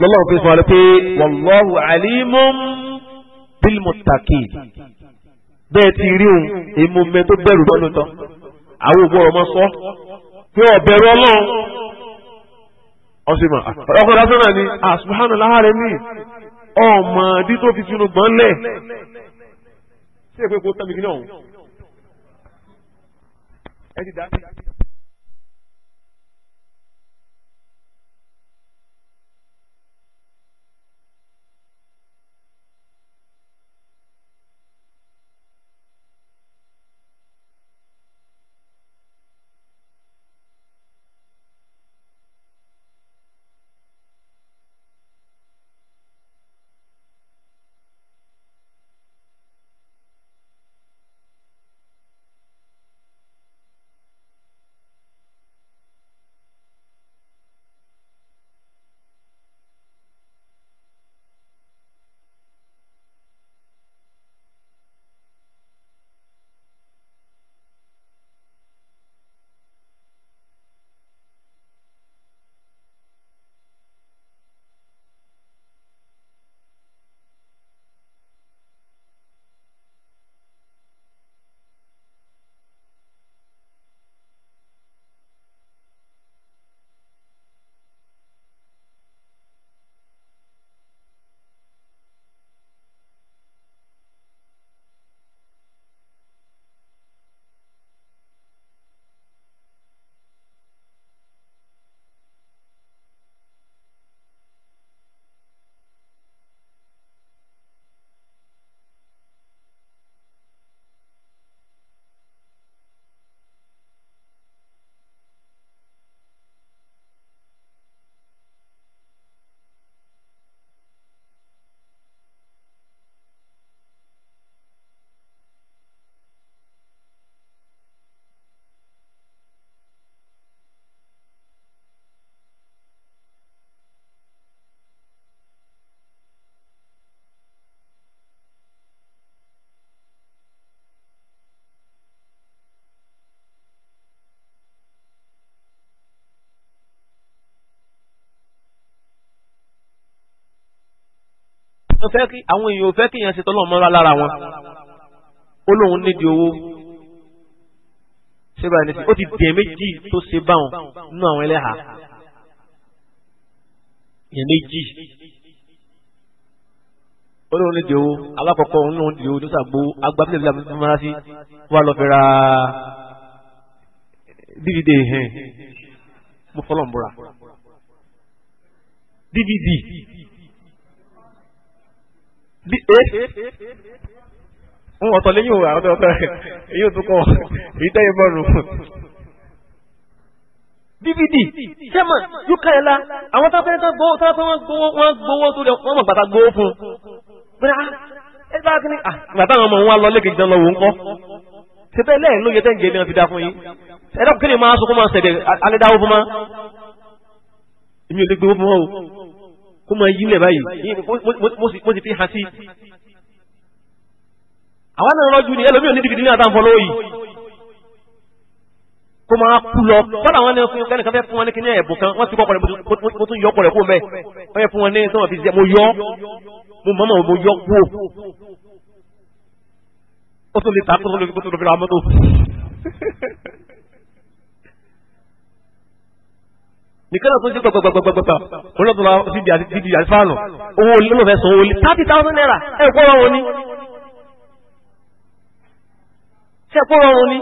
lọ́lọ́run fi fún wa pé wallahu alimun bilmuttaqin bẹ́ẹ̀ ti rí òun èmu mẹ́ tó bẹ̀rù lọ́nà tán àwọn òbú ọ̀rọ̀ mọ́ sọ pé ọ̀bẹ̀rù ọlọ́run ọ̀sìnmọ̀ ah, ọkọ̀ lásán náà ni àṣùbáhánù láhàrẹ̀ ní ọmọ dí tó fi sínú gbọ́n lẹ̀ sí èpè kó tẹ́mi kí náà ẹ fẹ́ kí àwọn èèyàn ò fẹ́ kí èèyàn ṣe tọ́lọ́run mọ́ra lára wọn ó lóun nídìí owó ṣé báyìí nísìnyí ó ti dẹ̀ méjì tó ṣe báwọn nínú àwọn ẹlẹ́hà yẹn méjì ó lóun nídìí owó alákọ̀ọ́kọ́ òun lóun nídìí owó nísàgbó agbábílẹ̀ bíi abúlé mọ́ra sí wà lọ́ọ́ fẹ́ ra dvd hẹ́n mo fọlọ́ ń bọ̀ra dvd bí ẹ eh? ń ọ̀tọ̀ lẹ́yìn òwò àwọn ọ̀tọ̀ èyí ò tún kọ́ èyí tẹ́yẹ bọ́ọ̀lù. dvd sẹ́mà yúkà ẹ̀la àwọn tábẹ́ tán gbowó tán pé wọ́n gbowó tó lẹ wọ́n mọ̀ gbàtà gbowó fún un. bẹ́ẹ̀ ah ẹ bá kí ni ah gbàtà àwọn ọmọ wọn lọ lẹ́kẹ̀ẹ́ jẹun lọ́wọ́ ńkọ́. sẹ́tẹ́ lẹ́yìn ló yẹ tẹ́ ń gẹ̀ẹ́lì ti dá fún yín. ẹ̀dá kí ni máa sọ kó máa sẹ̀dẹ̀ alẹ́ fún kó máa yí lẹ̀ báyìí mo sì fi hàn sí. àwa náà rọ́jú ni ẹlòmíràn ní dìgìdì ní àtàǹfọ̀ lọ́wọ́ yìí kó máa kú lọ kọ́lá àwọn ẹni fún ẹnìkan fẹ́ fún wọn ní kíní ẹ̀bùn kan wọ́n ti kọ́ ọkọ̀rẹ́ mo tún yọ ọkọ̀rẹ́ kó mẹ́ wọ́n yẹ fún wọn ní sọ́wọ́n fi ṣe mo yọ mo mọ́mọ́ mo yọ kú ó tún lè ta kó tó lè fi ra mọ́tò. nìkan náà tó jẹ́ gbàgbàgbàgbàgbà olóòtú ma ti di àlìfáànù owó lọ́nà fẹ́ san owó lé thirty thousand naira ẹ̀ kó rọrùn ni ṣe kó rọrùn ni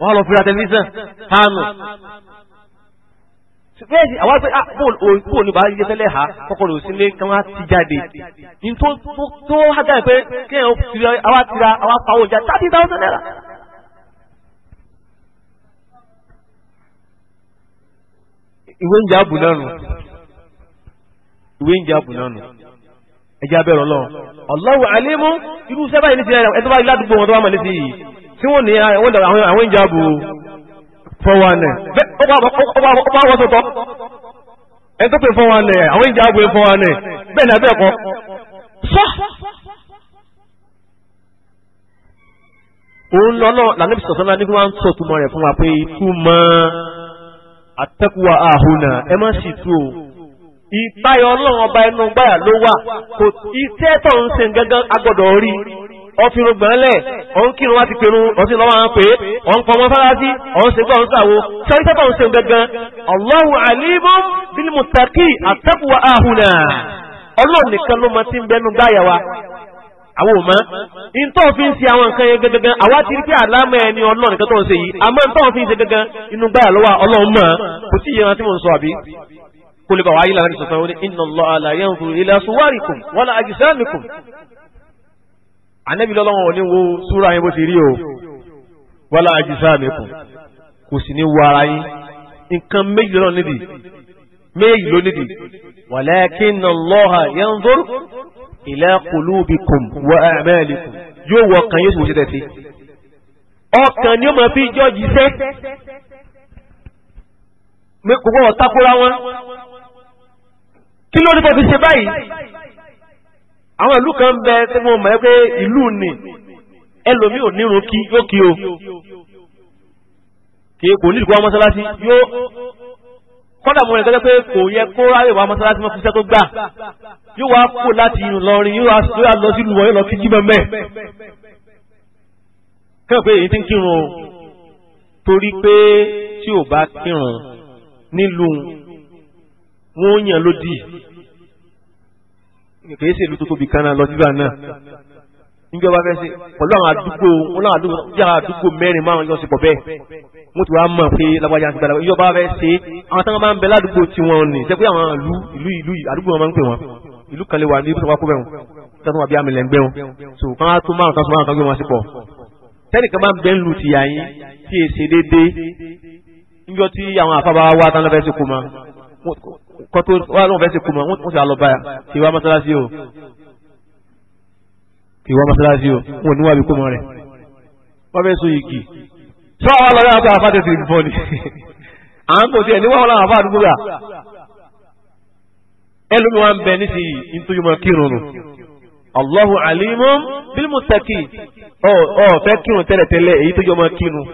wọ́n lọ fira tẹlifíṣàn fáànù bẹ́ẹ̀ni ah, àwọn àgbẹ̀ bóun ní bá yẹ fẹ́lẹ́ ha kọ́kọ́rọ́ sí ilé kí wọ́n ti jáde ní tó tó hágá ẹ̀ pé kéèyàn ti ra àwọn ti ra àwọn pàwọn ìjà thirty thousand naira. ìwé ń jáàbù náà nù ìwé ń jáàbù náà nù ẹjẹ abẹ́rọ̀ lọ Allahu alimu irú sẹ́bà yìí nísìnyí ẹ̀ tó bá ládùúgbò wọn tó bá mọ̀ nísìnyí yìí tí wọ́n ní àwọn ìjáàbù fọwọ́nẹ ó bá wọ́n tó tọ́ ẹ̀ tó pè fọwọ́nẹ àwọn ìjáàbù fọwọ́nẹ bẹ́ẹ̀ ni abẹ́ ẹ̀kọ́ sọ́ òun lọ́nà lànà ìbísọ̀tàn náà ní kí wọ́n á ń sọ̀túnmọ́ rẹ̀ fún wa pé túmọ̀ àtẹ́kùwà àhùnà ẹ má sì tú o ọlọ́run ọba ẹnu gbáyà ló wà kò iṣẹ́ tó ń ṣe gángan agbọ́dọ̀ rí ọfìrún gbọ̀nlẹ̀ ọ̀hún kírun wá ti pẹ̀rún ọ̀sìn lọ́wọ́ àwọn pé ọ̀hún pọ̀ wọn fárásí ọ̀hún ṣe gbọ́n sàwọ́ ń gángan àtẹ́kùwà àhùnà ọlọ́run nìkan ló ń àwọn ò mọ́ ìntọ́ fi ń ṣe àwọn nǹkan yẹn gangan àwa ti rí pé àlámọ́ ẹni ọlọ́run nǹkan tó ń ṣe yìí àmọ́ ìntọ́ fi ń ṣe gangan inú gbáyà lọ́wọ́ ọlọ́run mọ́ kò sí ìyẹn tí mò ń sọ àbí kó lè bà wáyé lára ìṣọ̀kan ó ní inna Allaha la yanzuru ila suwarikum wala ajsamikum ànẹ́bí lọ́lọ́wọ́ ò ní wo súra yín bó ti rí o wala ajsamikum kò sì ní wo ara yín nǹkan méjì lọ́nà nídìí méjì ló nídìí walakinna ila qulubikum wa a'malikum yóò wọ ọkàn yóò sì wò sí tẹ̀sí ọkàn ni ó máa fi jọ́ọ̀jì sẹ́ kò gbọ́dọ̀ takora wọn kí ló ní bọ́ fi ṣe báyìí àwọn ìlú kan bẹ tí mo mọ̀ pé ìlú ni ẹlòmíì ò nírun kí yóò kí o kì kò ní ìdíkọ́ mọ́sálásí yóò kọ́dà mọ́ ẹ̀kọ́ pé kò yẹ kó ráyè wá mọ́sálásí mọ́ fúnṣẹ́ tó gbà yóò wá kó láti Ìlọrin yóò wá lọ sí ìlúwọ̀ yóò lọ kí jímọ̀ mẹ́ kẹ́rọ̀ pé èyí ti ń kírun torí pé tí ò bá kírun nílùú wọn ò yàn lódì kìí ṣèlú tó tóbi kan náà lọ síbà náà níjọba fẹ́ ṣe pẹ̀lú àwọn àdúgbò wọn náà àdúgbò tí àwọn àdúgbò mẹ́rin márùn yọ sí pọ̀ bẹ́ẹ̀ wọ́n ti wá mọ̀ pé lágbájá ti gbàdá níjọba fẹ́ ṣe àwọn táwọn máa ń bẹ ládùúgbò tí wọ́n ní sẹ́pẹ́ àwọn ìlú ìlú ìlú àdúgbò wọn máa ń pè wọ́n ìlú kan lè wà ní ìbùsọ̀kọ́ kó bẹ̀rù tọ́tún wà bí àmì lẹ́ngbẹ́ wọn so kán á tún márùn tọ́tún márùn tọ́tún wọn sí pọ̀ tẹ́nìkan máa ń bẹ́ ń lu tìyà yín tí è ṣe déédéé níjọ tí àwọn àfábá wa tán lọ́fẹ́ sí kó ma kọ́tó wà lọ́fẹ́ sí o ìwọ mọ́sálásí o wọn ò ní wà bí kó mọ́ rẹ̀ wọ́n fẹ́ so igi sọ àwọn ọlọ́rẹ́ àti àfa tètè ń bọ̀ ni à ń kò tiẹ̀ níwọ̀n ọlọ́run àfa àdúgbò rà ẹlòmíì wa ń bẹ nísìnyí nítorí mọ́ kírun Allahu alimum bil muttaqin ọ ọ fẹ́ kírun tẹ́lẹ̀tẹ́lẹ̀ èyí tó jọ mọ́ kírun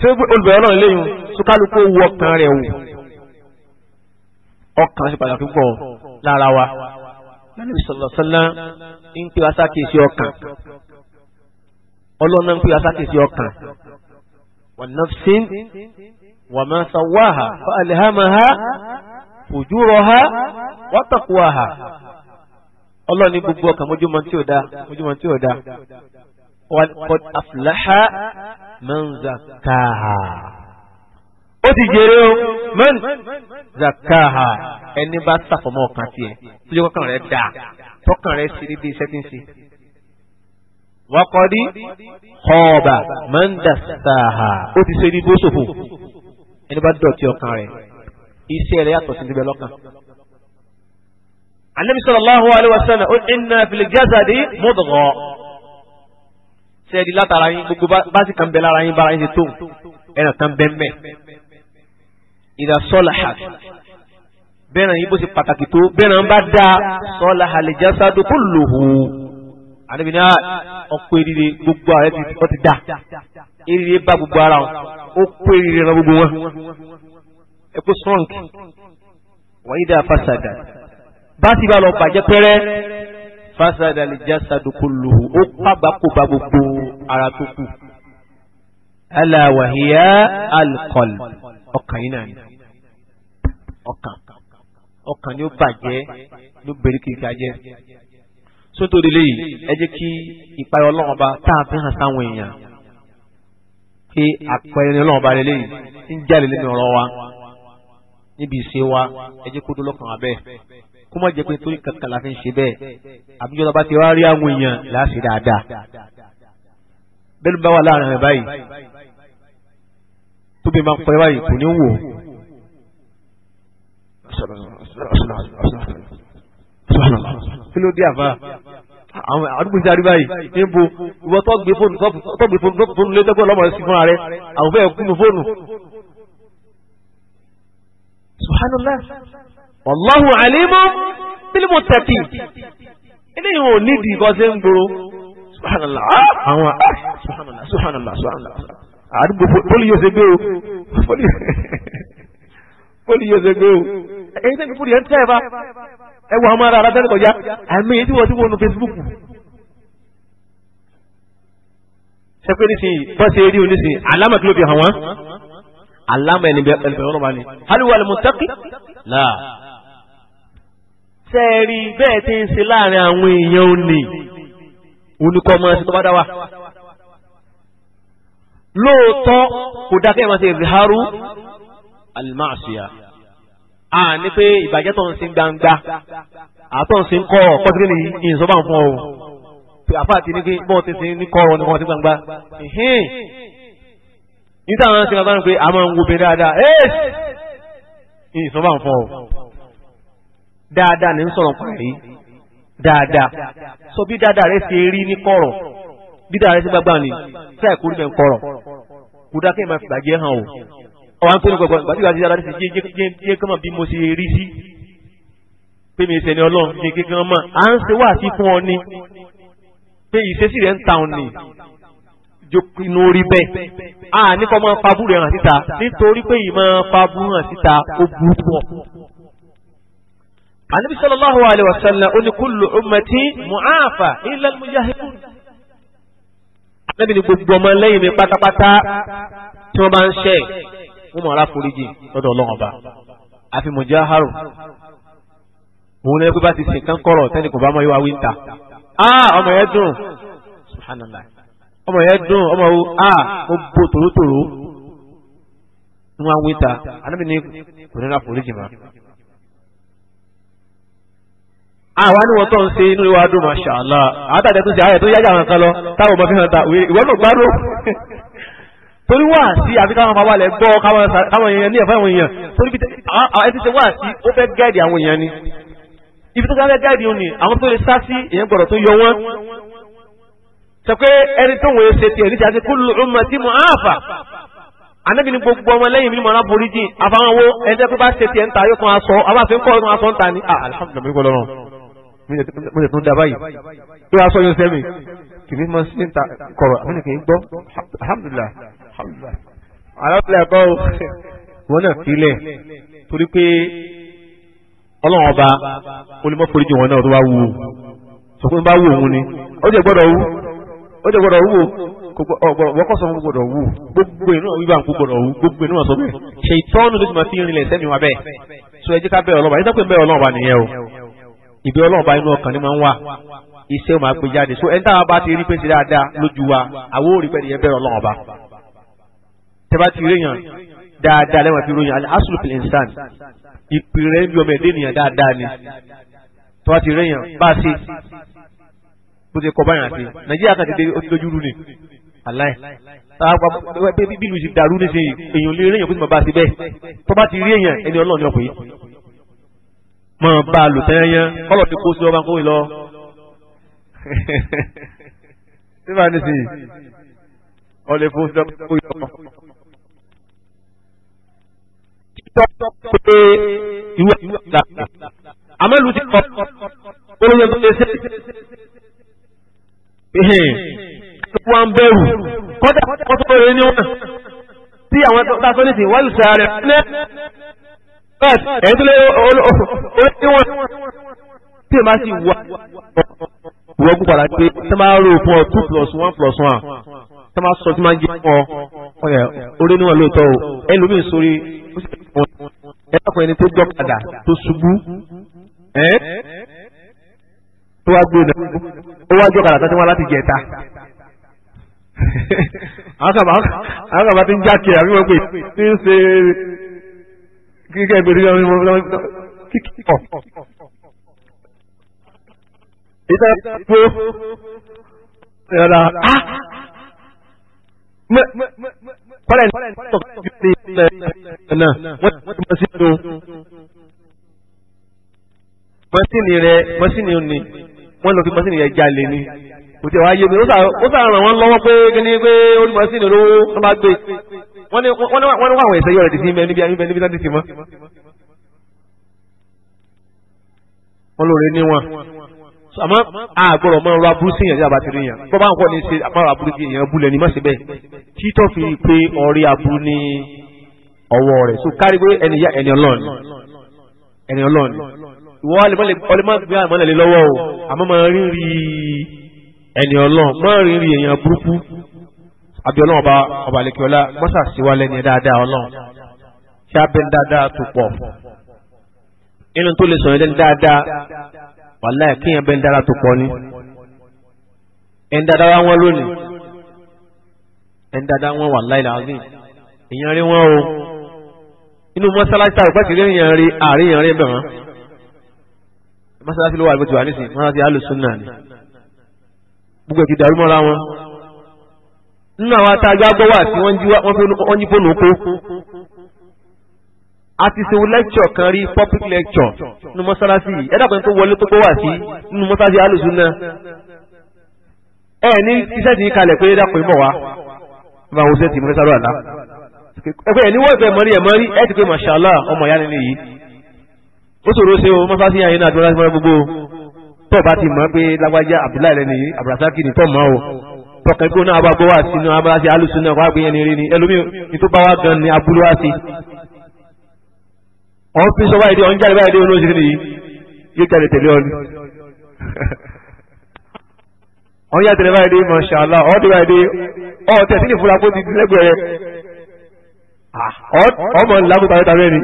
ṣé olùbẹ̀rẹ̀ ọlọ́run léyìn sókálukú wọ ọkàn rẹ̀ wò ọkàn ṣe pàtàkì pọ̀ lára wa lánàá sallallahu alaihi ń pè wá sákèsí ọkàn ọlọ́run náà ń pè wá sákèsí ọkàn wa nafsin wa ma sawaha fa alhamaha fujuraha wa taqwaha ọlọ́run ní gbogbo ọkàn mojúmọ́ tí ò dáa mojúmọ́ tí ò dáa wa qad aflaha man zakkaha ó ti jèrè o man zakkaha ẹni bá sàfọmọ ọkàn tiẹ̀ tó yẹ kọkàn rẹ̀ dáa tọkàn rẹ sí dédé iṣẹ́ tí ń ṣe. wọ́kọ́dí kọ́ọ̀bà máa ń dà sáà ó ti ṣe ní bó ṣòfò ẹni bá dọ̀tí ọkàn rẹ̀ iṣẹ́ rẹ̀ yàtọ̀ sí níbẹ̀ lọ́kàn. anabi sallallahu alayhi wa sallam ó inna fil jasadi mudgha sẹ́ẹ̀dì látara yín gbogbo bá kan bẹ lára yín bára yín ti tó ẹnì kan bẹ́ẹ̀ mẹ́ ìdá sọ́lá bẹ́ẹ̀rẹ̀ yìí bó ṣe pàtàkì tó bẹ́ẹ̀rẹ̀ bá dá sọ́ọ́lá àlèjásádó kó lò hù àdébìnrin náà ọ̀pọ̀ eriri gbogbo ààrẹ ti ti dá eriri bá gbogbo ara wọn ó kó eriri ran gbogbo wọn ẹ kó strong wàyí dá fásádà bá ti bá lọ bàjẹ́ pẹ́rẹ́ fásádà àlèjásádó kó lò ó pàgbà kó bá gbogbo ara tó kù aláwàhíyá alkọl ọkàn yìí náà ọkàn ọkàn ni ó bàjẹ́ ló bèrè kìkà jẹ́ sótórí léyìí ẹ jẹ́ kí ìpayọ̀ ọlọ́run ọba tá a fi hàn sáwọn èèyàn pé àpẹẹrẹ ọlọ́run ọba rẹ léyìí ń jáde lẹ́nu ọ̀rọ̀ wa níbi ìṣe wa ẹ jẹ́ kó dúró kàn án bẹ́ẹ̀ kó má jẹ́ pé torí kankan la fi ń ṣe bẹ́ẹ̀ àbújọ́ ọba ti wá rí àwọn èèyàn láàṣì dáadáa bẹ́ẹ̀ ló bá wà láàrin rẹ̀ báyìí tóbi máa ń pẹ́ báyìí kò ní wò kí ló dé àfa àwọn àdúgbò ti àríwá yìí níbo ìwọ tó gbé fóònù tó gbé fóònù lé tẹ́gbọ́n lọ́mọ sí fúnra rẹ àwọn fẹ́ẹ̀ kúnnú fóònù. subhanallah wallahu alimu bil muttaqin eléyìí ò nídìí kọ́ sí ń gbòòrò subhanallah ah! àwọn subhanallah subhanallah subhanallah àdúgbò fóònù yóò ṣe gbé o fóònù only years ago èyí tẹ́ fífúri ẹ̀ ń tẹ́ẹ̀fà ẹ wọ àwọn ará ara tẹ́lẹ̀ kọjá àmì èyí tí wọ́n ti wọ́n nu Facebook. ṣé pé nísìnyí bọ́ ṣe rí o nísìnyí àlámà kí ló fi hàn wọ́n àlámà ẹni bẹ ẹni bẹ wọn bá ní. haliwa lè mú tẹ́kì là. sẹ́ẹ̀rì bẹ́ẹ̀ ti ń ṣe láàrin àwọn èèyàn ò oníkọ́ máa ṣe tó bá dá wa lóòótọ́ kò dákẹ́ máa ṣe ìrìhárú alimaṣiya a ní pé ìbàjẹ́ tó ń sin gbangba àtọ̀ ń sin kọ́ kọ́síkì ni ìyìnsọ́bà ń fún ọ àfa àti ní pé bọ́ọ̀ ti sin ní kọ́ ọ ní wọ́n ti gbangba níta àwọn ṣe gbàgbọ́n pé a máa ń wo bẹ dáadáa ẹ́ẹ̀sì ìyìnsọ́bà ń fún ọ dáadáa ní ń sọ̀rọ̀ parí dáadáa sọ bí dáadáa rẹ ṣe rí ní kọ̀rọ̀ bí dáadáa rẹ ṣe gbàgbà ni sáà kúrú mẹ́ ń kọ̀rọ̀ kí n máa fìbàjẹ́ hàn o ọ̀wá ń pè ní gbọ̀gbọ̀ gbàdúrà àti aláàdì sí jẹ́ kọ́mọ̀ bí mo ṣe rí sí pé mi ìṣẹ̀ni ọlọ́run jẹ́ kékeré mọ́ à ń ṣe wáàsí fún ọ ni pé ìṣesí rẹ̀ ń ta ọ̀ ni inú orí bẹ́ẹ̀ a ní kọ́ máa fabú rẹ̀ hàn síta nítorí pé ìmọ̀ fabú hàn síta ó burú pọ̀. àníbi sallallahu alaihi wasallam ó ní kullu ummati mu'afa illa al-mujahidun. àníbi ni gbogbo ọmọ lẹ́yìn mi pátápátá tí wọ́n bá ń ṣẹ́ wọ́n mọ̀ ọ́rá foríjì lọ́dọ̀ ọlọ́run ọba àfi mọ̀já haro òun lẹ́yìn pé ba ti sìn kán kọ̀rọ̀ ọmọ yẹn dùn subhanallah ọmọ wo mo bo toro ní wọn wíńtà anábì ní kò ní ra ma. wọn tó ń inú masha Allah torí wà sí àfi káwọn máa wálẹ̀ gbọ́ káwọn èèyàn ní ẹ̀fọ́ àwọn èèyàn torí bí ẹni tí wà sí ó fẹ́ gáàdì àwọn èèyàn ni ibi tó fẹ́ gáàdì òun ni àwọn tó lè sá sí èèyàn gbọ́dọ̀ tó yọ wọ́n sọ pé ẹni tó wọ́n ṣe tiẹ̀ níta sí kullu ummati mu'afa anabi ni gbogbo ọmọ lẹ́yìn mi ni mọ̀nà borí jìn àfahàn wo ẹni tó bá ṣe tiẹ̀ níta yóò kàn aṣọ abáfin kọ́ ọdún aṣọ níta ni ah, alhamdulilayi mo jẹ tún dábàá yìí yóò aṣọ yóò sẹ́mi kìnnìkan sí níta kọ̀rọ̀ àmì alábìlẹ̀ ẹ̀kọ́ wọn náà sílẹ̀ torí pé ọlọ́run ọba olùmọ̀ foríjì wọn náà tó bá wù ú sọ pé bá wù òun ni ó jẹ́ gbọ́dọ̀ wù ó jẹ́ gbọ́dọ̀ wù wọ́kọ̀ sọ fún gbọ́dọ̀ wù gbogbo inú wíwá ń gbọ́dọ̀ wù gbogbo inú ọ̀sọ́ bẹ́ẹ̀ ṣe ìtọ́nu ló ti máa fi rinlẹ̀ sẹ́ni wa bẹ́ẹ̀ sọ ẹ jẹ́ ká bẹ́ẹ̀ ọlọ́ba ìdápẹ́ bẹ́ẹ̀ ọlọ́ba nìyẹn o ìbí ọlọ́ba inú ọkàn ni máa ń wà iṣẹ́ máa gbé jáde so ẹni táwa bá ti rí pé ti dáadáa lójú wa àwọn ò rí pẹ́ nìyẹn bẹ́ẹ̀ ọlọ́ba tẹ́bá ti rí yàn dáadáa lẹ́wọ̀n fi ròyìn asulu fil insan ìpìlẹ̀ ń bí ọmọ ẹ̀dẹ́ nìyàn dáadáa ni tọ́wá ti rí yàn bá a ṣe bó ti kọ báyàn àti nàìjíríà kan ti dé lójú ni aláì bí lu ti dàrú ní sèyí èèyàn lè rí yàn kó sì máa bá a ṣe bẹ́ẹ̀ tọ́ba ti rí yàn ẹni ọlọ́run ni ọkùnrin mọ̀ bá a lò tẹ́yẹ́yẹ́ kọ́lọ̀ ti kó sí ọba kó lọ. síbà ní sèyí ọ lè fún sí ọba kó lọ tọ́ pé ìwé ìgbà àmọ́ ìlú ti kọ́ olóyè tó lè ṣe wá ń bẹ̀rù kọ́dà kọ́tọ́ rẹ̀ ní wọn tí àwọn tó tásọ́ ní sí wọ́n ṣe ààrẹ ní bẹ́ẹ̀ ẹ̀yìn tó lé olóyè wọn tí èèmá sì wà wọ́gùn padà pé tí máa rò fún ọ two plus one plus one tí máa sọ tí máa jẹ́ fún ọ orí níwọ̀n lóòótọ́ o ẹlòmíì sórí ó sì ẹ lọ́kọ̀ ẹni tó jọ padà tó ṣubú ẹ tó wá gbé náà ó wá jọ padà tó ti wá láti jẹta àwọn kàbá ti ń jákè àbí wọ́n pè tí ń ṣe kíkẹ́ ìgbèrè ní ọmọ kíkọ́ ìta tó ẹ̀rọ ah kọ́lẹ̀ ní ọ̀kọ́ fi ṣe ẹ̀nà wọ́n ti mọ sí inú mọ́sìnì rẹ̀ mọ́sìnì ni wọ́n lọ fi mọ́sìnì rẹ̀ jalè ni kò tí ì wáyé mi ó sà ràn wọ́n lọ́wọ́ pé kíní pé ó ní mọ́sìnì lówó tó bá gbé wọ́n ní wọ́n àwọn ẹ̀sẹ̀ yọ̀rọ̀ títí mẹ́ níbi ayé níbi tán ti ti mọ́. wọ́n lóore níwọ̀n àmọ́ àgbọ̀rọ̀ máa ń ra burú sí ìyànjú àbátìrí yàn bọ́ bá ń kọ́ ni ṣe àpárá aburú sí ìyàn búlẹ̀ ni má ṣe bẹ́ẹ̀ títọ́ fi pé ọ̀rẹ́ aburú ní ọwọ́ rẹ̀ so kárí pé ẹni ya ẹni ọlọ́ọ̀ni ẹni ọlọ́ọ̀ni ìwọ ọlẹ́mọ́ gbé àmọ́lẹ̀ lọ́wọ́ o àmọ́ máa rí rí ẹni ọlọ́ọ̀n máa rí rí èèyàn burúkú àbí ọlọ́run ọba ọba àlekíọ́lá mọ́sà síwá lẹ́ni dáadáa ọlọ́run kí á bẹ́ẹ̀ dáadáa wàláì kí yẹn bẹ́ẹ̀ ń dára tó pọ̀ ni ẹn dáadáa wọn lónìí ẹn dáadáa wọn wàláì làásì èèyàn rí wọn o inú mọ́sálásí tàbí pẹ́ kìlẹ̀ èèyàn rí àárín èèyàn rí ẹ̀ bẹ̀rẹ̀ mọ́sálásí ló wà lójú wa nísìnyí mọ́sálásí alùsùn náà ni gbogbo ètò ìdàrú mọ́ra wọn nínú àwọn atajọ́ agbọ́wà tí wọ́n jí fóònù kó a ti ṣe lecture kan rí public lecture nínú mọ́sálásí yìí ẹ̀dá kan tó wọlé tó gbọ́ wà sí nínú mọ́sálásí alùsùnà ẹ̀ ní iṣẹ́ ti kalẹ̀ pé ẹ̀dá kan mọ̀ wá bá wo iṣẹ́ ti mọ́sálásí àlá ẹ̀pẹ́ ẹ̀ ní wọ́n ìfẹ́ mọ́rí ẹ̀ mọ́rí ẹ̀ ti pé mashallah ọmọ ìyá nínú yìí ó ṣòro ṣe o mọ́sálásí yẹn náà dúró láti mọ́ gbogbo tó bá ti mọ̀ pé lágbájá abdullahi lẹ́nu yìí abdulrasaki ni tó mọ̀ o tọkàn ìgbóná abágbó wà sínú abúlásí alùsùnà wà gbé yẹn ní rí ni ẹlòmíì ní tó bá wá gan ni abúlé wá sí ọ̀n fi sọ báyìí dé ọ̀n jáde báyìí dé olóòṣì kìíní yìí yóò jáde tẹ̀lé ọ ni ọ̀n yá tẹ̀lé báyìí dé masha Allah ọ̀ dé báyìí dé ọ̀ tẹ̀ sí ní ìfura kó ti di lẹ́gbẹ̀ẹ́ rẹ ah, ọmọ làákù tàbí tàbí ẹni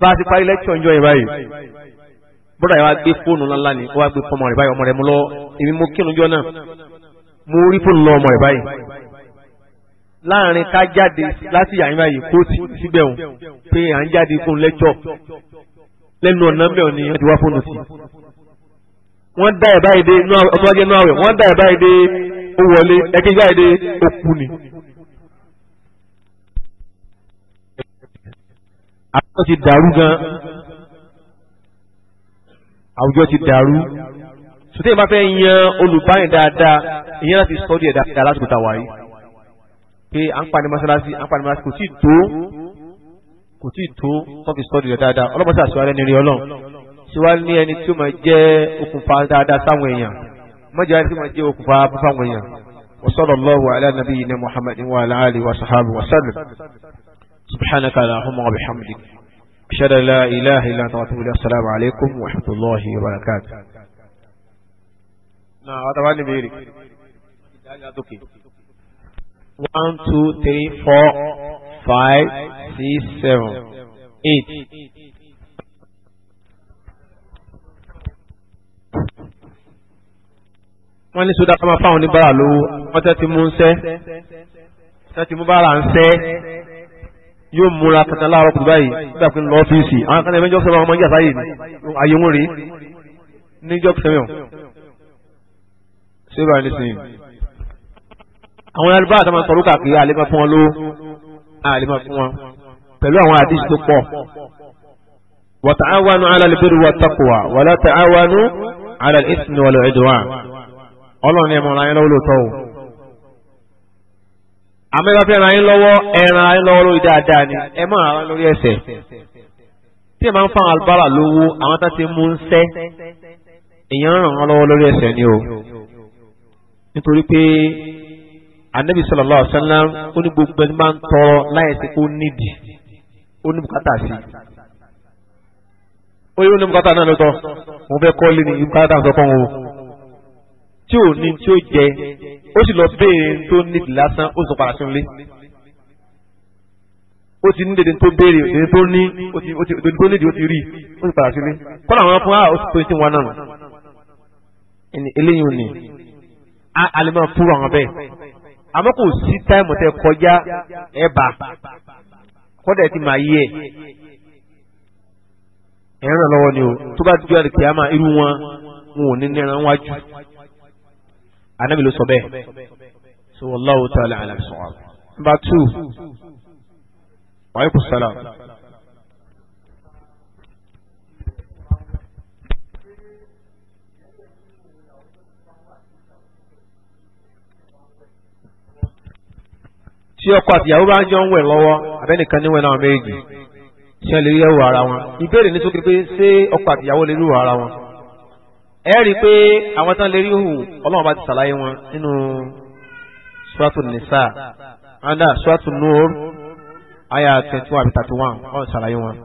bá a ti parí lẹ́kṣọ̀ ǹjọ́ yẹn báyìí bọ́dà yẹn wá gbé fóònù ńláńlá ni ó wá gbé fọ́ọ̀mù rẹ̀ báyìí ọmọ rẹ̀ mú lọ láàrin ká jáde láti yàrá yìí kó síbẹ̀ òun pé à ń jáde kó lẹ́jọ́ lẹ́nu ọ̀nà mẹ́ọ̀ ni wọ́n ti wá fóònù sí. wọ́n dá ẹ̀ báyìí dé ọtọ́ ajé náà rẹ̀ wọ́n dá ẹ̀ báyìí dé ó wọlé ẹ̀kí báyìí dé ó kú ni. àwùjọ ti dàrú gan àwùjọ ti dàrú sùtẹ́ ìbáfẹ́ yan olùbáyìn dáadáa ìyẹn láti sọ́ọ́dì ẹ̀ dáadáa lásìkò tàwa yìí pé à ń pani mọ́sálásí à ń pani mọ́sálásí kò tí ì tó kò tí ì tó tó fi sọ́ọ́ dìrẹ̀ dáadáa ọlọ́mọdé àṣewálẹ̀ ní rí ọlọ́run ṣíwájú ní ẹni tí ó máa jẹ́ okùnfà dáadáa sáwọn èèyàn mọ́jà tí ó máa jẹ́ okùnfà fáwọn èèyàn وصلى الله على نبينا محمد وعلى آله وصحبه وسلم سبحانك اللهم وبحمدك أشهد أن لا إله إلا أنت وأتوب إليك السلام عليكم ورحمة الله وبركاته. نعم هذا هو one two three four five six seven eight. wọ́n ní sódà kọ́ máa fáwọn oníbàárà lówó wọ́n tẹ́ ti mú ń sẹ́ tẹ́ ti mú bàárà ń sẹ́ yóò múra kankan láàárọ̀ kùdú báyìí nígbà pé ń lọ ọ́fíìsì àwọn kan ẹ̀mẹ́jọ́ sọ́wọ́ ọmọ ìjà sáyé ayé wọn rèé níjọ́ sẹ́wọ̀n ṣé báyìí nísìnyí àwọn alibá àtàwọn sọ̀rọ̀ kàkiri àlema fún wọn ló àlema fún wọn pẹ̀lú àwọn àdìsí tó pọ̀. wa ta'awanu 'ala al-birri wat-taqwa wa la ta'awanu 'ala al-ithmi wal-'udwan ọlọ́run ẹ̀ mọ̀ràn ayélujára lóòótọ́ o. àmọ́ ìbá fẹ́ràn ayé lọ́wọ́ ẹ̀ràn ayé lọ́wọ́ dáadáa ni ẹ mọ̀ ara lórí ẹsẹ̀. tí ẹ máa ń fa àlùbárà lówó àwọn tá ti mú ń sẹ́ èèyàn ràn án lọ́wọ́ lórí ẹsẹ̀ ni o nítorí pé anabi sallallahu alaihi wa sallam ó ní gbogbo ẹni máa ń tọrọ láìsí kó nídìí ó ní bùkátà sí ó yẹ ó ní bùkátà náà lọ́tọ̀ mo fẹ́ kọ́ lé ní bùkátà sọ fún wọn tí ò ní tí ó jẹ ó sì lọ béèrè tó nídìí lásán ó sì padà sí ilé ó ti ní dèdè tó béèrè dèdè tó ní dèdè tó nídìí ó ti rí ó sì padà ah, sí ilé kọ́nà àwọn fún wa ó tí wọn náà nù eléyìí ò ní a máa fúru àwọn bẹ́ẹ̀. àmọ́ kò sí táìmù tẹ kọjá ẹ bá kọ́dà ẹ ti máa yí ni o tó bá dúdú àdìkì àmà irú wọn wọn ò ní ní ẹran wájú anábì ló sọ so ta'ala alam wa. number two wa tí ọkọ àti ìyàwó bá ń jọ ń wẹ̀ lọ́wọ́ abẹ́nìkan níwẹ̀ náà méjì tí wọ́n lè rí ẹwà ara wọn ìbéèrè ní sókè pé ṣé ọkọ àti ìyàwó lè rí ẹwà ara wọn. ẹ rí i pé àwọn tán lè rí hù ọlọ́run bá ti ṣàlàyé wọn nínú suratu nisa anda suratu nur aya twenty one àbí thirty one ọ̀n ṣàlàyé wọn.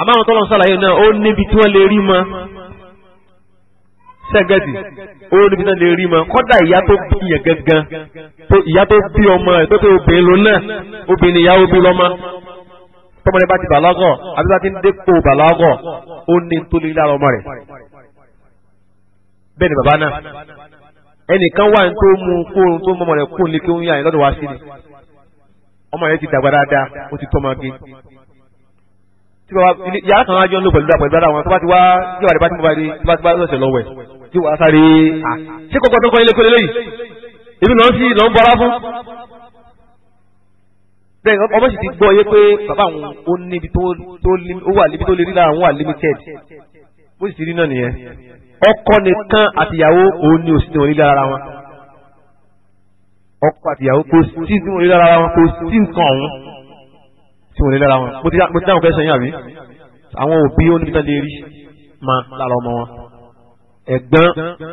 àmọ́ àwọn tọ́lọ́ ṣàlàyé náà ó níbi tí wọ́n lè rí mọ́ sẹ́gẹ̀tì ó níbi náà lè rí mọ́ kọ́dà ìyá tó bí yẹn gangan ìyá tó bí ọmọ ẹ̀ tó tó obìnrin ló náà obìnrin ìyá obìnrin lọ́mọ tọmọdé bá ti bàlágọ̀ àbí bá ti ń dépò bàlágọ̀ ó ní tó lè lára ọmọ rẹ̀ bẹ́ẹ̀ ni bàbá náà ẹnìkan wà ní tó mú kóorun tó mọ́mọ́ rẹ̀ kó ní kí ó ń yà yín lọ́dọ̀ wá sí ni ọmọ rẹ̀ ti dàgbà dáadáa ó ti tọ́ ọmọge tí bàbá yàrá kan á jọ ń lò pẹ̀lú àpẹ̀lú àwọn tó bá ti wá yíwàdí bá ti mú bá rí tó bá ti bá lọ́sẹ̀ lọ́wọ́ ẹ̀ tí wàá sáré à ah. ṣé kókó tó kọ́ ilé kólé lẹ́yìn ibi náà sì lọ́n bọ́ra fún. bẹ́ẹ̀ ọmọ sì ti gbọ́ yé pé bàbá àwọn ó níbi tó wà níbi tó lè rí lára àwọn wà limited bó sì ti rí náà nìyẹn ọkọ nìkan àtìyàwó òun ni òsì ní wọn nílé ara wọn ọkọ àtìyàwó kò sí ní wọn nílé ara wọn kò sí nǹkan ọ̀hún tí wọn nílé ara wọn mo ti dáhùn kẹsàn-án yàrá àwọn òbí ó níbi tán lè rí máa lára ọmọ wọn ẹ̀gbọ́n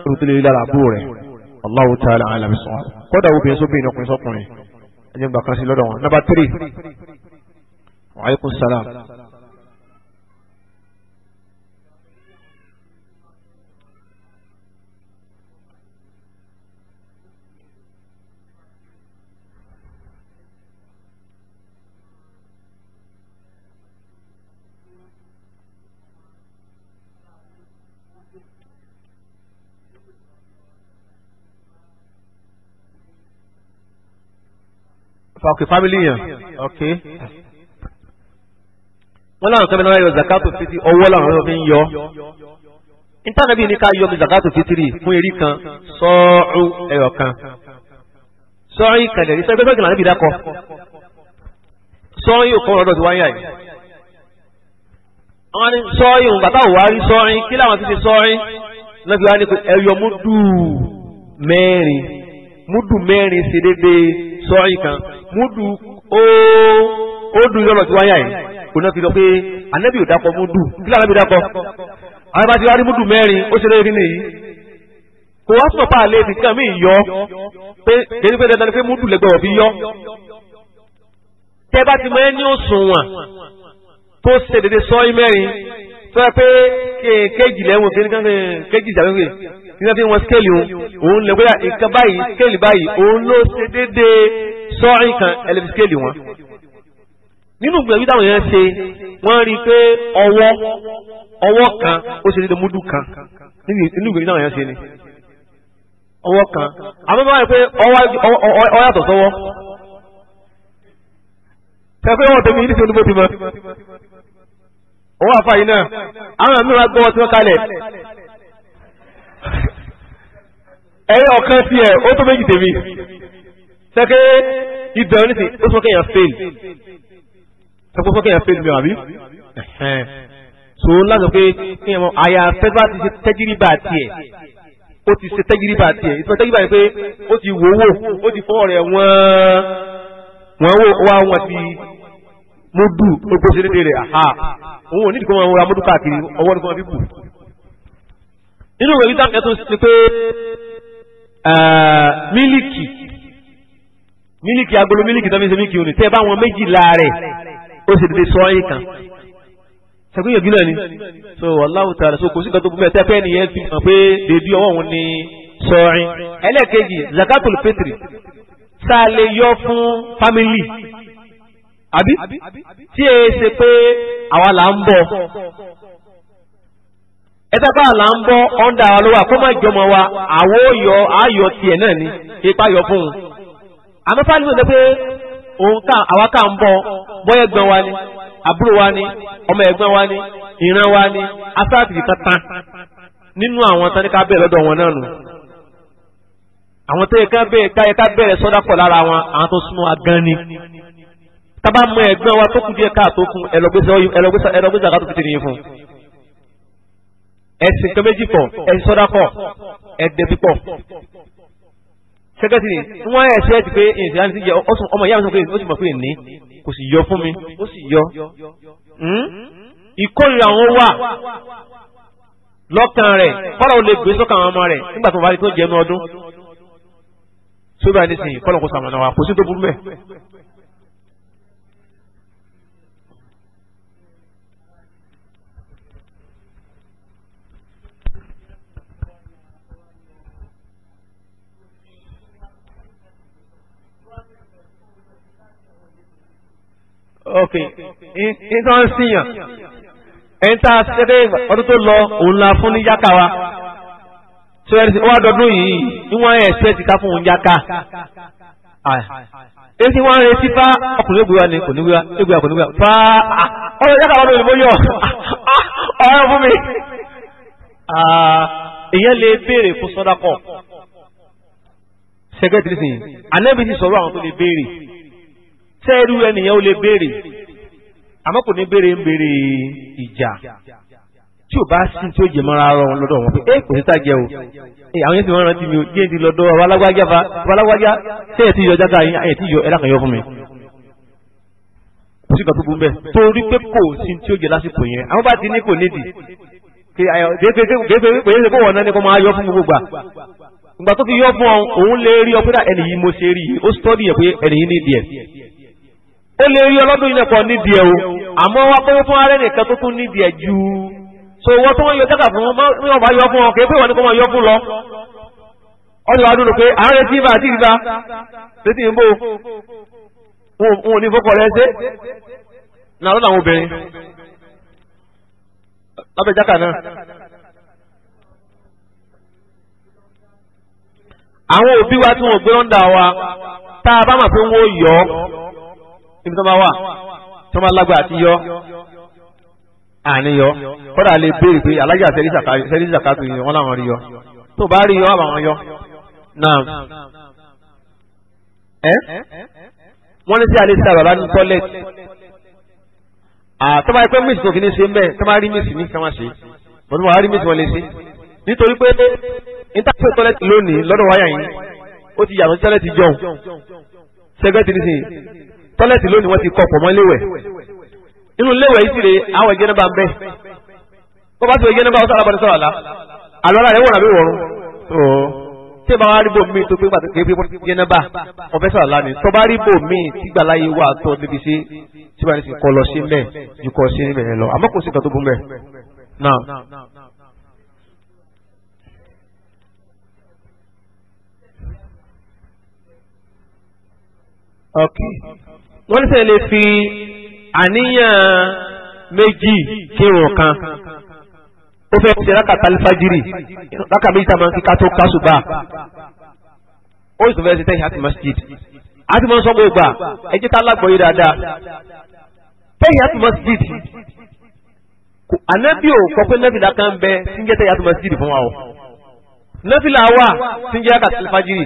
rútúlẹ̀ lára àbúrò rẹ̀ Allahu ta'ala alam sọ kódà obìnrin sóbìnrin ọkùnrin sọkùnrin ẹni gbà kan sí lọ́dọ̀ wọn. nọ́mbà tírì wàhálà kún sálàm ok family yẹn ok wọ́n láwọn kan bí wọ́n yọ zakato fitiri ọwọ́ làwọn yóò fi ń yọ intanẹ́bì ní ká yọ zakato fitiri fún eré kan sọ́ọ̀rù ẹ̀yọ̀ kan sọ́ọ̀rù ìkàlẹ̀ ìṣẹ́ gbẹ́gbẹ́ kìlà níbi ìdákọ̀ sọ́ọ̀rù yóò kọ́ ọ̀rọ̀ tí wáyà yìí wọ́n ní sọ́ọ̀rù ìhùn bàtà òwá rí sọ́ọ̀rù kí làwọn ti ṣe sọ́ọ̀rù náà fi wá ní ẹ̀yọ múdù mẹ́rin múdù mẹ́rin ṣe déédéé sọ́ọ̀rù kan múdù óó ó dùn yọlọ tí wáyà yìí kò náà fi lọ pé anabi ò dakọ múdù kí lóò anabi dakọ àwọn bá ti wá rí múdù mẹ́rin ó ṣe lórí nìyí kò wá sọ̀rọ̀ pa àlẹ́ nìkan mí yọ pé kéde pé dandan ni pé múdù lẹ́gbẹ̀ẹ́ òbí yọ tẹ́ bá ti mọ ẹni òṣùwọ̀n tó ṣe dédé sọ́ọ́ mẹ́rin tó yẹ pé kéèjì lẹ́wọ̀n kéèjì ìjàgbẹ́gbẹ́ nígbà tí wọ́n skéèlì òun lẹ́gbẹ́yà nǹkan báyìí skéèlì báyìí òun ló ṣe dédé sọ́ọ̀rì kan ẹlẹ́bísíkèlì wọn nínú gbẹ̀gbẹ́ táwọn yẹn ṣe wọ́n rí i pé ọwọ́ ọwọ́ kan ó ṣe dédé múdù kan nínú gbẹ̀gbẹ́ táwọn yẹn ṣe ni ọwọ́ kan àmọ́ bá wáyé pé ọwọ́ yàtọ̀ sọ́wọ́ tẹ́fẹ́ wọn tẹ́mi níṣẹ́ onígbò tìmọ̀ ọwọ́ àfààní náà àwọn àmì wa gbọ́wọ́ tí wọ́n kalẹ̀ ẹ̀yìn ọ̀kan tiẹ̀ ó tó méjì tèmi sẹ́kẹ́ ibẹ̀ oníṣẹ́ ó sọ kéèyàn fail sọ́kọ́ sọ kéèyàn fail mi àbí so láti pé kéèyàn mọ àyà fẹ́fà ti ṣe tẹ́jìrìbà tiẹ̀ ó ti ṣe tẹ́jìrìbà tiẹ̀ ìtumọ̀ tẹ́jìrìbà ni pé ó ti wò wò ó ti fọ́ rẹ̀ wọ́n wọ́n wò wá wọn ti múdù gbogbo ṣe déédéé rẹ̀ àhà òun ò nídìí kó máa ra múdù káàkiri ọwọ́ ni kó máa fi bù nínú ìwé yìí dákẹ́ tó ṣe pé mílíkì mílíkì agolo mílíkì tó fi ṣe mílíkì òní tẹ́ bá wọn méjìlá rẹ̀ ó sì dédé sọ ọ́yìn kan ṣàgbéyànjú náà ni so wallahu ta'ala so kò sí ìtọ́jú búmẹ́ tẹ́fẹ́ nìyẹn fi hàn pé dèbí ọwọ́ òun ni sọ́ọ̀rin ẹlẹ́ẹ̀kejì zakatul petri, tá a lè yọ fún fámìlì àbí tí e ṣe pé àwa là ń bọ̀ ẹ̀ta bá là ń bọ̀ ọ̀ndà wa ló wà kó má jọmọ wa àwo yọ ayọ̀ tiẹ̀ náà ni ipa yọ fún un àmọ́ fáwọn ìlú pé òun ká àwa ká ń bọ̀ bóyá ẹ̀gbọ́n wa ni àbúrò wa ni ọmọ ẹ̀gbọ́n wa ni ìran wa ni asáàtì kankan nínú àwọn tán ní ká bẹ̀rẹ̀ lọ́dọ̀ wọn náà nù àwọn tó yẹ ká bẹ̀rẹ̀ ká yẹ ká bẹ̀rẹ̀ sọ́dá pọ̀ lára wọn àwọn tó súnmọ́ agan ni tábà mọ ẹ̀gbọ́n wa tó kù díẹ̀ káàtó kún ẹlọgbẹ́sẹ̀ àgàtò fìtì nìyí fún ẹ̀sìn kan méjì pọ̀ ẹ̀sìn sọ́dá pọ̀ ẹ̀dẹ̀bí sẹ́kẹ́tì ni wọ́n ẹ̀ ṣe ti pé ìṣẹ́ àti ìjẹ́ ọmọ ìyá mi sọ pé ó sì mọ̀ pé ní kò sì yọ fún mi ó sì yọ. Hmm? ìkórìíra wọn wà lọ́kàn rẹ̀ fọ́lọ́ lè gbé sọ́kàn àwọn ọmọ rẹ̀ nígbà tó bá rí tó jẹnu ọdún. sóbà nísìnyí fọ́lọ́ kó sàmọ̀nà wa kò sí tó burú bẹ́ẹ̀. ok nǹkan ń sìyàn ẹni tá a ṣẹ́fẹ́ ọdún tó lọ òun la fún ní yáka wa tó yẹn ti wá dọdún yìí níwọ̀n ẹ̀ ṣẹ́ ti ká fún òun yáka èsì wọn retí fa ọkùnrin ògbéwà ni kò ní wíwá ògbéwà kò ní wíwá fa ọ̀rọ̀ yàtọ̀ àwọn olùbó yọ ọ̀rọ̀ fún mi. èèyàn lè béèrè fún sọ́dákọ̀ ṣẹ́gẹ́tì nísìnyí ànábì ti sọ̀rọ̀ àwọn tó lè béèrè sẹ́ẹ̀rù ẹnìyẹn ó lè béèrè àmọ́ kò ní béèrè ń béèrè ìjà tí ò bá sí tí ó jẹ mọ́ra rọ wọn lọ́dọ̀ wọn pé ẹ eh, kò ní sá jẹ o ẹ eh, àwọn yẹn ti rán ti mi o díẹ̀ ti lọ́dọ̀ ọba alágbájá fa ọba alágbájá sẹ́yẹ ti yọ jágà yín ẹ̀yẹ ti yọ ẹ̀dá kan yọ fún mi. kò sí kan tó burú bẹ́ẹ̀ torí pé kò sí tí ó jẹ lásìkò yẹn àwọn bá ti ní kò nídìí kéèké pèsè kó náà ní kó máa yọ fún gbogbo gbà ìgbà tó fi yọ fún òun lè rí ọ pé ẹnìyí mo ṣe rí ó sọ́ọ́dì ó lè rí ọlọ́dún yìí nídìí ẹ̀ o àmọ́ wá pé fún ara ẹnìkan tó tún nídìí ẹ̀ ju so wọ́n tó wọ́n yọ jákà fún mi wọ́n bá yọ fún wọn kì í pé wọ́n ní kó wọ́n yọ fún lọ. ọdún wa dúró pé àárẹ̀ tí ìbá àti ìbá létí ìbò wọn ò ní fọkọ rẹ ṣe ní àlọ́ làwọn obìnrin lábẹ́ jákà náà. àwọn òbí wa tí wọn gbé ọ́ndà wa tá a bá mà pé wọn ò yọ níbi tó máa wà tó máa lágbára àti yọ àníyọ kọ́dà lè béèrè pé alájà sẹ́rí zakatu yìí wọ́n láwọn rí yọ tó bá rí yọ àbàwọn yọ náà ẹ wọ́n ní sí alẹ́ sí àbàbá ní tọ́lẹ̀tì àtọ́ba ẹgbẹ́ mísì tó fi ní ṣe ń bẹ́ẹ̀ tó máa rí mísì ní ká má ṣe bọ́dọ̀ máa rí mísì wọn lè ṣe nítorí pé níta-pé tọ́lẹ̀tì lónìí lọ́dọ̀ wáyà yìí ó ti yàtọ̀ sí tọ́lẹ̀tì jọ̀hún sẹ́gbẹ́ ti tọ́lẹ̀tì lónìí wọ́n ti kọ́ pọ̀ mọ́ léwẹ̀ inú léwẹ̀ yìí sì rè àwọn ẹ̀jẹ̀ náà bá ń bẹ́ bó bá ti ẹ̀jẹ̀ náà bá ọ̀sán alábọ̀dé sọ̀rọ̀ àlá àlọ́ ara rẹ̀ wọ̀n àbí wọ̀run tó tí ẹ bá wá rí bò mí tó pé pàtó kéé pé ẹ̀jẹ̀ náà bá ọ̀fẹ́ sọ̀rọ̀ àlá ni tó bá rí bò mí tígbà láyé wà tó níbi sí tí wàá ní kọ́ lọ sí mẹ́ ju kọ́ sí mẹ́ lọ àmọ́ kò sí kan tó bú mẹ́ náà. Okay. okay wọ́n ní sẹ́yìn lè fi àníyàn méjì kírun kan ó fẹ́ ṣe rákàtà alifájírì rákà méjì tá a máa ń kí kátó kásùbà ó sì fẹ́ ṣe tẹ́yìn àti masjid àti mọ́ sọ́gbó gbà ẹjẹ́ tá lágbọ̀ọ́yé dáadáa tẹ́yìn àti masjid ànábì ò kọ́ pé nẹ́bìlà kan bẹ tí ń jẹ́ tẹ́yìn àti masjid fún wa o nẹ́bìlà wà tí ń jẹ́ rákàtà alifájírì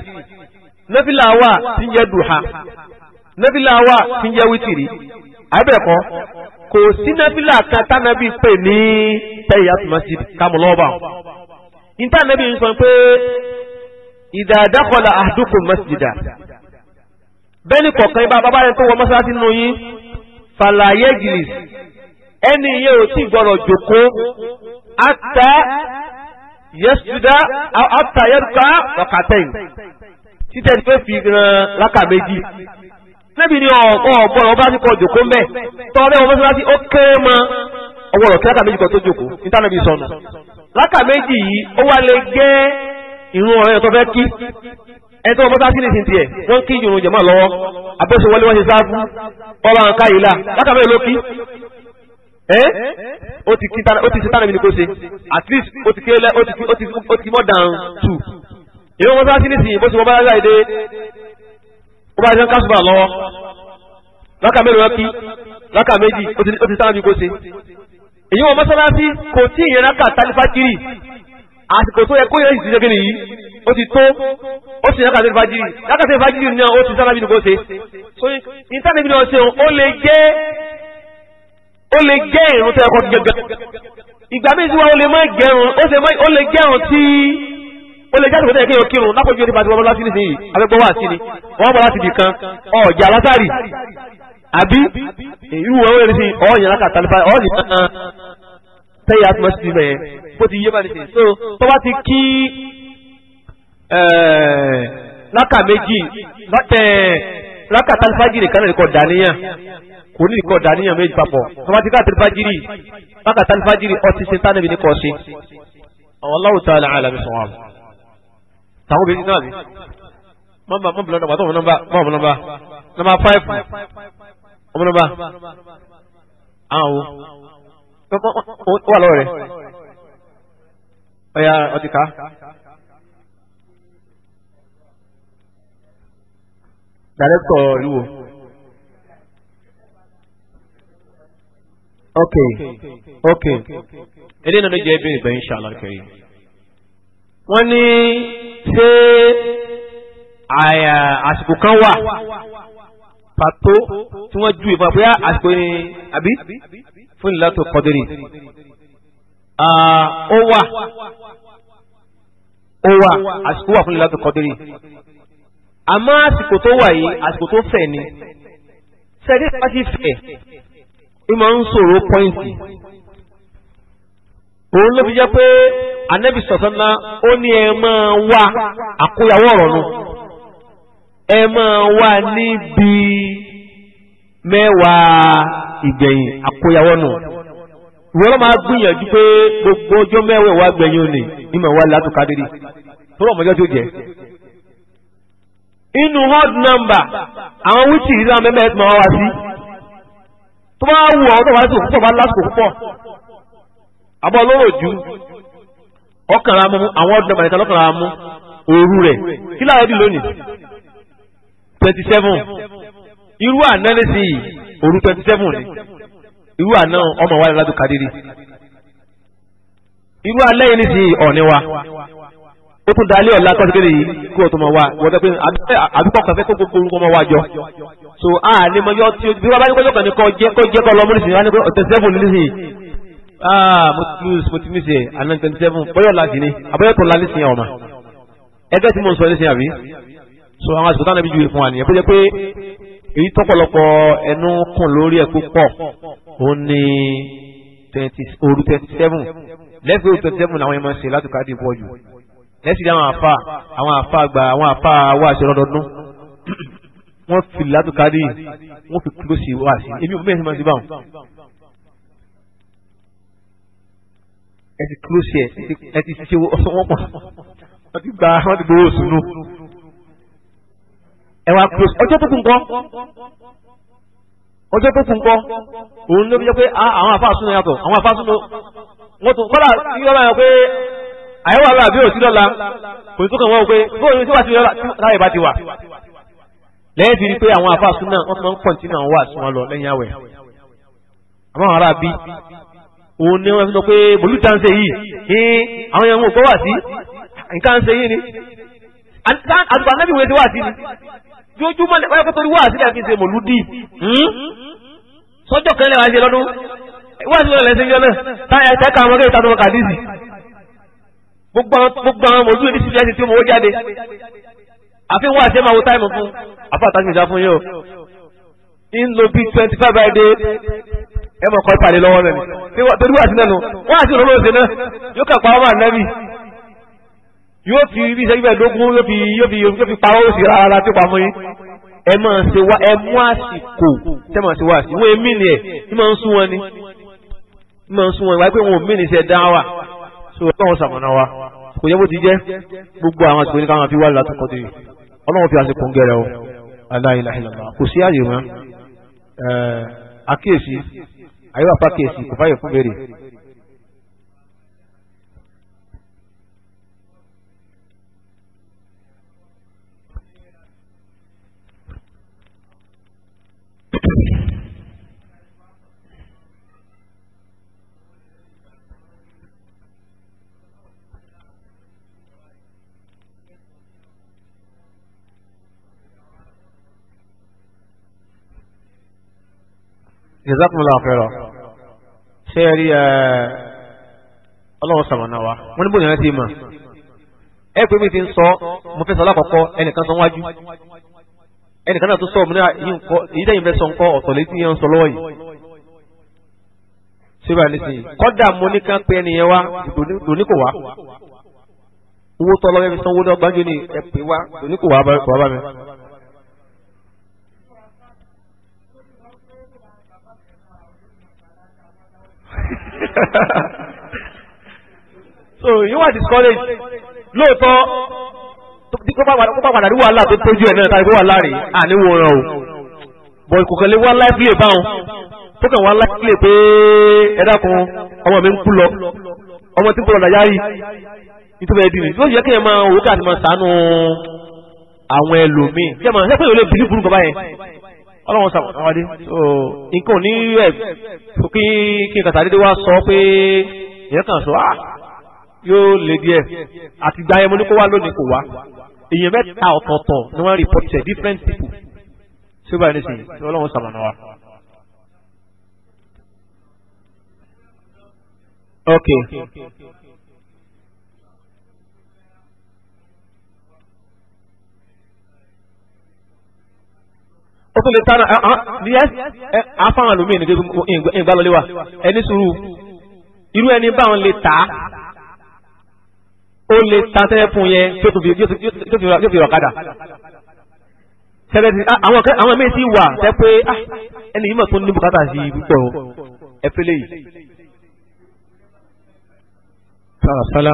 nẹ́bìlà wà tí ń jẹ́ dùhà nábìlà wà tí ń jẹ́ wítìrì àbẹ̀kọ́ kò sí nábìlà kan tánàbí pè ní tẹ̀yàtù masjid kàmúlọ́ọ̀bà níta nábì ń sọ pé ìdàdàkọ̀là àdúkùn masjida bẹ́ẹ̀ni kọ̀ọ̀kan ibà bàbá rẹ̀ tó wọ mọ́sálásí nínú yín fàlàyé gìlìs ẹni yẹn ò tí gbọ́dọ̀ jòkó àtà yẹsùdá àtà yẹrùkà ọ̀kàtẹ́yìn títẹ̀ ní fi ran lákà méjì níbi ni ọ̀gbọ̀rọ̀ bá ti kọ jòkó mbẹ́ tọ́lẹ́ wọn mọ́sálásí ó kéré mọ́ ọwọ́rọ̀ kí láka méjì kan tó jòkó níta níbi sọnù láka méjì yìí ó wá lè gẹ́ ìrun ọ̀rẹ́ yẹn tó fẹ́ kí ẹni tó mọ́sálásí ní ìsìntì ẹ̀ wọ́n kí ìrun jẹ̀mọ́ lọ́wọ́ abẹ́sọ wọlé wọ́n ṣe sáfù ọba nǹka yìí là láka méjì ló kí ẹ́ ó ti ṣe tánàbí ni kò ṣe at least ó ti kéré ó ti more than two ìrun mọ́sálásí ní ìsìn bó ṣe wọ́n bá ó bá jẹ́ kásùbà lọ́wọ́ láka mélòó lọ́kì láka méjì ó ti sáà bí kò ṣe èyí wọn mọ́sálásí kò tí ìyẹn láka tálífàkiri àsìkò tó yẹ kó yẹ ìṣiṣẹ́ gẹ́gẹ́ nìyí ó ti tó ó sì láka tálífàkiri láka tálífàkiri náà ó ti sáà bí kò ṣe so ìtànẹ́bí náà ṣeun ó lè jẹ́ ó lè jẹ́ ìrún tó yẹ kó gẹ́gẹ́ ìgbà méjì wa ó lè má gẹ́rùn ó lè gẹ́rùn tí ó lè jáde kótó yẹ kéèyàn kírun lápòjú ìdí pàṣẹ bọ́lá sílẹ̀ sèyí abẹ́gbọ́ wà sí ni wọ́n bọ́ láti bì kan ọ̀jà látàrí àbí irú wọn wọ́n yẹn sí ọ̀yàn lákàtà nípa ọ̀ọ́nì kan tẹ́yà atmosphere bẹ́ẹ̀ bó ti yé báyìí so tó bá ti kí eh, lákà méjì eh, lákà tálífájìrì kan náà ní kò dàníyàn kò ní kò dàníyàn méjì papọ̀ tó bá ti ká tálífájìrì lákà tálífájìrì ọtí ṣe tánàbí ní kò ṣe. Allahu ta'ala a'lam sọ̀rọ̀ táwọn obìnrin náà ni nọ́mbà mọ́bìlì nọ́mbà tó nọ́mbà mọ́bìlì nọ́mbà five. fáìfù ọmọ nọ́mbà àwọn o ó wà lọ́wọ́ rẹ̀ ọ̀yà ọ̀dìkà. dàrẹ́tọ̀ ìlú wo. ok ok eléyìí náà ló jẹ́ ìbéèrè bẹ́ẹ̀ inshallah kẹrin wọ́n ní ṣé àsìkò kan wà pàtó tí wọ́n ju ìfọ̀ àpẹ́yà ah, àsìkò ní àbí fún ìlàtọ̀ kọ́dírì ó wà ó wà àsìkò wà fún ìlàtọ̀ kọ́dírì àmọ́ àsìkò tó wà yìí àsìkò tó fẹ̀ ni sẹ́dí bá fẹ̀ ó máa ń sọ̀rọ̀ pọ́ìntì òun ló fi jẹ́ pé anabi sọ̀sánná ó ní ẹ máa wá àkóyawọ́ ọ̀rọ̀ nu ẹ máa wá níbi mẹ́wàá ìgbẹ̀yìn àkóyawọ́ nù ìwọ ló máa gbìyànjú pé gbogbo ọjọ́ mẹ́wàá ìwà gbẹ̀yìn òní ní mẹ́wàá látòkádérì tó rọ̀ mọ́jọ́ tó jẹ́ inú hard number àwọn wíìtì ìdílé àwọn mẹ́mẹ́ máa wá sí tó bá wù ọ́ tó bá lásìkò púpọ̀ bá lásìkò púpọ̀ àbọ̀ lóró jù ọkànra mú àwọn ọdún ọmọ nìkan lọ́kànra mú òru rẹ̀ kí láwọn ẹbí lónìí twenty seven irú àná lẹ́sìn yìí òru twenty seven ni irú àná ọmọ wa ládùn kadiri irú alẹ́ yìí nísìnyí ọ̀ní wa ó tún dalẹ́ ọ̀la kọ́síkẹ́lẹ́ yìí kí wọ́n tó mọ̀ wá wọ́n tẹ́ pé àbíkọ́ kan fẹ́ kó gbogbo orúkọ mọ̀ wá jọ so a ní mọ̀ yọ tí o bí wọ́n bá ní kọ́jọ́ kan ní kọ́ jẹ́ kọ́ jẹ́ kọ́ lọ́mú wọ́n á ní kọ́ tẹ̀síẹ́fù nísìnyí ah mo ti lose mo ti miss ẹ àná twenty seven bọ́yọ̀ láti ni àbọ̀yọ̀tọ̀ la nísìnyí ọ̀ma ẹgbẹ́ tí mo ń sọ nísìnyí àbí so àwọn àsìkò táwọn ẹbí ju ìfún wa nìyẹn bó jẹ́ pé èyí tọ́pọ̀lọpọ̀ ẹnu kùn lórí ẹ̀ púpọ̀ ó ní òru twenty seven lẹ́sìn òru twenty seven làwọn ẹ̀ máa ń ṣe láti ká dìbò ọ̀jù lẹ́sìn àwọn àfa àwọn àfa gba àwọn àfa wá aṣọ lọ́dọọdún wọ́n fi látòkádì wọ́n fi kúlóòsì wá sí ebi òun bẹ́ẹ̀ sì máa ń ṣe báwọn ẹ ti close yẹ ẹ ti ṣe wọ́n pọ̀ wọ́n ti gba wọ́n ti gbowó sunu ẹ wá close ọjọ́ tó kù nǹkan ọjọ́ tó kù nǹkan òun ló fi jẹ́ pé àwọn àfa àsúná yàtọ̀ àwọn àfa àsúná wọ́n tó kọ́lá sí ọ̀la yẹn pé àyẹ̀wò àlọ́ àbí òsì lọ́la kò ní tó kàn wọ́n pé bóyá tí wàá ti lọ́la táyà ìbá ti wà lẹ́yìn tí rí pé àwọn àfa àsúná wọ́n ti máa ń kọ̀ǹtínú àwọn wà àsúná lọ lẹ́yìn àwẹ̀ àwọn ará bíi òun ni wọ́n fi sọ pé bòlúta ń ṣe yìí ní àwọn èèyàn òkú wà sí nǹkan ń ṣe yìí ni àtùpà náà bí wọ́n ti wà sí ni jójúmọ́ lẹ́wọ́ ẹ̀kọ́ torí wà sí lẹ́yìn fi ṣe mòlúdì hmm? sọ́jọ́ kan lẹ́wọ́ ṣe lọ́dún wà sí lọ́dún lẹ́sẹ̀ yọ náà táyà tẹ́ka àwọn akẹ́kọ̀ọ́ tàbí kàdíìsì gbogbo àwọn mòlúdì ní síbi ẹ̀sìn tí mo wó jáde àfi wà sí máa wo táìmù fún àfọ àtàkùn ìjà fún yóò ń lo bíi twenty five by day ẹ mọ̀ kọ́ ìpàdé lọ́wọ́ náà ni torí wà sí náà nù wọ́n àti òróró ṣe náà yóò kà pa ọmọ ànábì yóò fi bí iṣẹ́ ibẹ̀ dógún yóò fi yóò fi yóò fi pa owó sí rárá tó pa mọ́ yín ẹ mọ̀ ṣe wá ẹ mú àsìkò tẹ́ mọ̀ ṣe wá sí wọ́n èmi nìyẹn ní mọ̀ ń sún wọn ni ní mọ̀ ń sún wọn ni wáyé pé wọn ò mí ní iṣẹ́ dáwà so ọlọ́run ṣamọ̀nà wa kò yẹ bó ti jẹ́ gbogbo àwọn àsìkò ní káwọn fi wá látọkọ tó yìí ọlọ́run fi o aláìláìlá kò Aí pa kesi ko fayo fun bere jazakumullahu khairan ṣé ẹ rí ẹ ọlọ́wọ́ sàmọ̀nà wa wọ́n ní bóyá ẹ ti mọ̀ ẹ pé mi ti ń sọ mo fẹ́ sọ lákọ̀ọ́kọ́ ẹnìkan sọ wájú ẹnìkan náà tó sọ òmìnira ah, yìí ń kọ èyí tẹ́yìn fẹ́ sọ ń kọ́ ọ̀tọ̀ létí yẹn ń sọ lọ́wọ́ yìí síbà nísìnyí kọ́dà mo ní ká pé ẹnìyẹn wá lóní kò wá owó tọ́lọ́wẹ́ fi sanwó lọ́gbàájú ni ẹ pè wá lóní kò wá bá mi. so you are discouraged lóòótọ́ kó bá padà rí wàhálà tó tójú ẹ̀ náà tàbí kó wàhálà rè àníwòrán o bọ̀ kò kàn lè wá láì play báwọn tó kàn wá láì play pé ẹ dákun ọmọ mi ń kú lọ ọmọ tí ń kúrọ̀ láyá yìí nítorí ẹbí mi lóòjì kí ẹ máa òwúkà àti máa sànú àwọn ẹlòmíì kí ẹ máa ṣẹ́pẹ́ yóò lè bínú burúkú báyẹn ọlọ́run sàmọ̀ àwọn adé nǹkan ò ní ẹ̀ kí kí kàtà dédé wá sọ pé ìyẹn kan sọ ah yóò lè díẹ̀ àti gba ẹmu ní kó wá lónìí kò wá èèyàn mẹ́ta ọ̀tọ̀ọ̀tọ̀ ni wọ́n report ẹ̀ different people tí ó bá ní sìn ọlọ́run sàmọ̀ náà wá. ok. okay. ó tún lè tánà ní ẹ afáwọn àlùmí ní ìgbàlódé wa ẹni sùúrù irú ẹni báwọn lè tà á ó lè ta tẹ́lẹ̀ fún yẹn tó fi ọ̀kadà tẹ́lẹ̀tì àwọn míì sì wà tẹ́ pé ah, ẹni yìí mọ̀ tó ní bùkátà sí púpọ̀ ẹ̀fẹ́lẹ́ yìí. sàlàsàlà